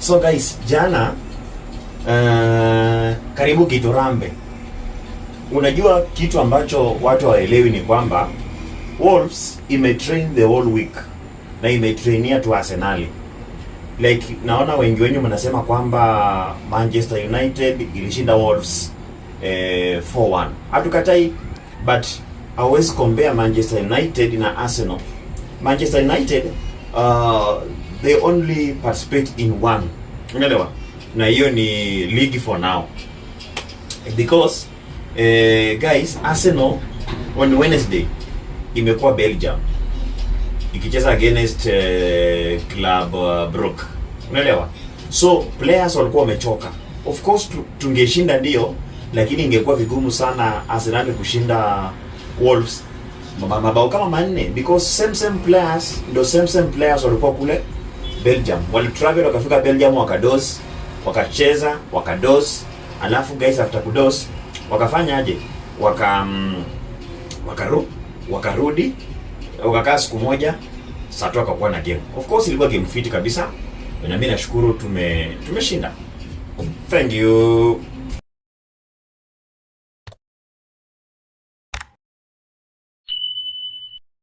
So guys, jana uh, karibu kiturambe Unajua kitu ambacho watu waelewi ni kwamba Wolves imetrain the whole week na imetrainia tu Arsenali. Like naona wengi wenyu mnasema kwamba Manchester United ilishinda Wolves eh, 4-1. Hatukatai but hawezi compare Manchester United na Arsenal. Manchester United uh, they only participate in one, umeelewa? Na hiyo ni league for now because uh, guys Arsenal on Wednesday imekuwa Belgium ikicheza against uh, club uh, eh, Brugge, unaelewa? So players walikuwa wamechoka. Of course tungeshinda ndio, lakini ingekuwa vigumu sana Arsenal kushinda Wolves mabao kama manne because same same players ndo same same players walikuwa kule Belgium. Walitravel wakafika Belgium wakados, wakacheza, wakados, alafu guys after kudos wakafanyaje? Waka um, wakaru, wakarudi wakakaa siku moja sato tu wakakuwa na game. Of course ilikuwa game fit kabisa. Na mimi nashukuru tume tumeshinda. Thank you.